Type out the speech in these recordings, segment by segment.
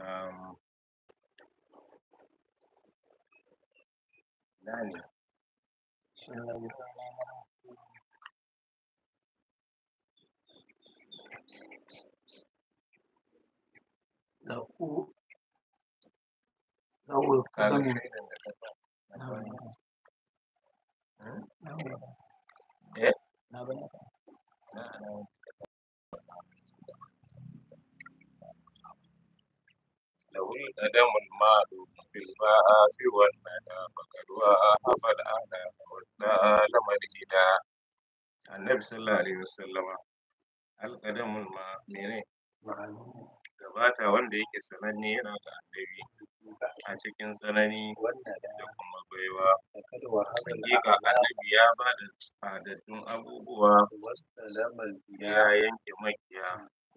um, nani na huu na na والندم المعلوم بالباء والندى فقد وآها فالأعلى والنال مرئدا النبي صلى الله عليه وسلم القدم المؤمنين gabata wanda yake sananne yana da annabi a cikin tsanani da kuma baiwa hakika annabi ya ba da tsadaddun abubuwa ya yanke makiya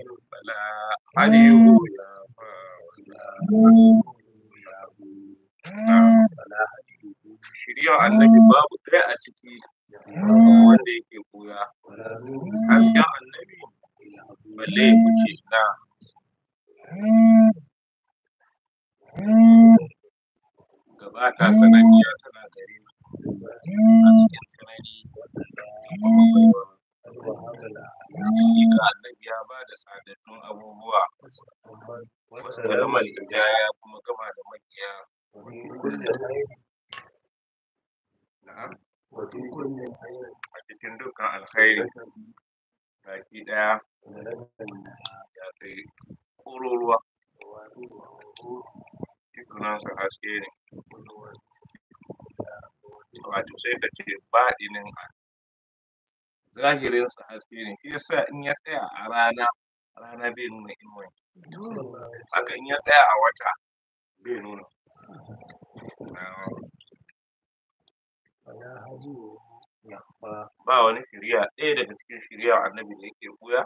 ولا حليب يا ولا shirya annabi babu ɗaya a ciki mm. wanda yake koya hasken mm. annabi balle mm. ya kuce na gabata sananniya tana gare a cikin sanani ba da tsadaddun abubuwa wasu kalmar ya kuma gama da makiya a cikin dukkan alkhairi baki ɗaya ya kai kororuwa sunansa haske ne wato sai ka ce baɗinin zahirinsu haske ne shi yasa in ya tsaya a rana rana bai nuna inuwanki haka in ya tsaya a wata bai nuna ba wani shirya ɗaya daga cikin shirya annabi da yake buya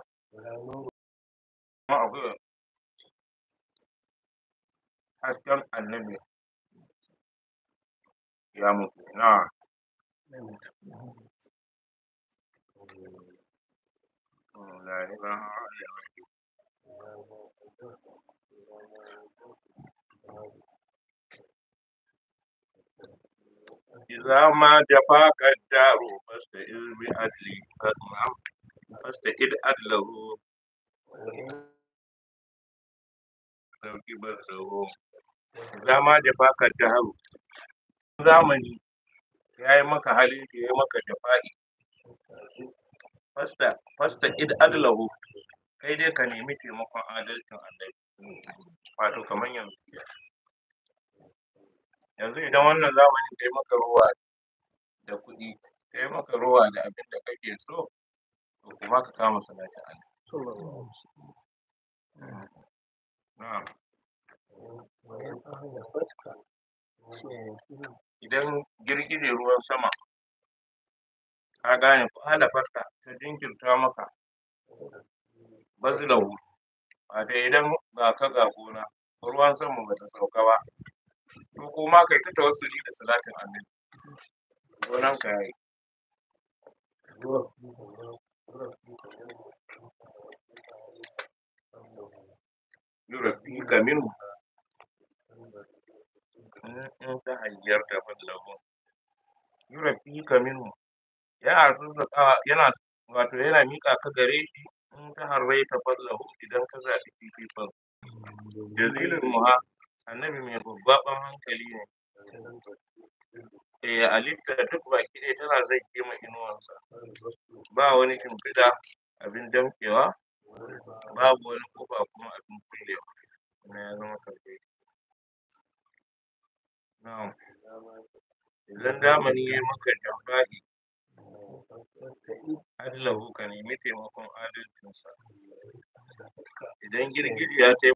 kuma akwai hasken annabi ya mutu na Yanayi na ya yi magana da da ya zama da fakar taro, Fakar ilmin adalahu. Fakar ilmin zama da fakar zamani ya maka hali ke maka jifani. fasta fasta id adlahu kai dai ka nemi taimakon adalcin annabi wato kamar yanzu yanzu idan wannan zamanin kai maka ruwa da kuɗi kai maka ruwa da abin da kake so to kuma ka kama salatin annabi idan girgije ruwan sama ka gane ko halafarka ta jinkirta maka bazlahu ba ta idan ba ka ga gona ruwan sama ba ta sauka ba To kuma kai ta tawassuli da salatin annabi gonan ka yayi yurabbi ka minhu in ta hanyar da ballahu yurabbi ka minhu yana wato yana miƙa ka gare shi in ta harbai ta fallahu idan ka zaɓi fifikon jazilin muha annabi mai gwaggwaɓan hankali ne eh alifta duk baki ɗaya tana zai ma inuwansa ba wani shimfiɗa abin damkewa babu wani kofa kuma abin kullewa na ya zama karfe na'am idan zamani ya maka jamba'i adlahu ka nemi taimakon adalcinsa idan girgiri ya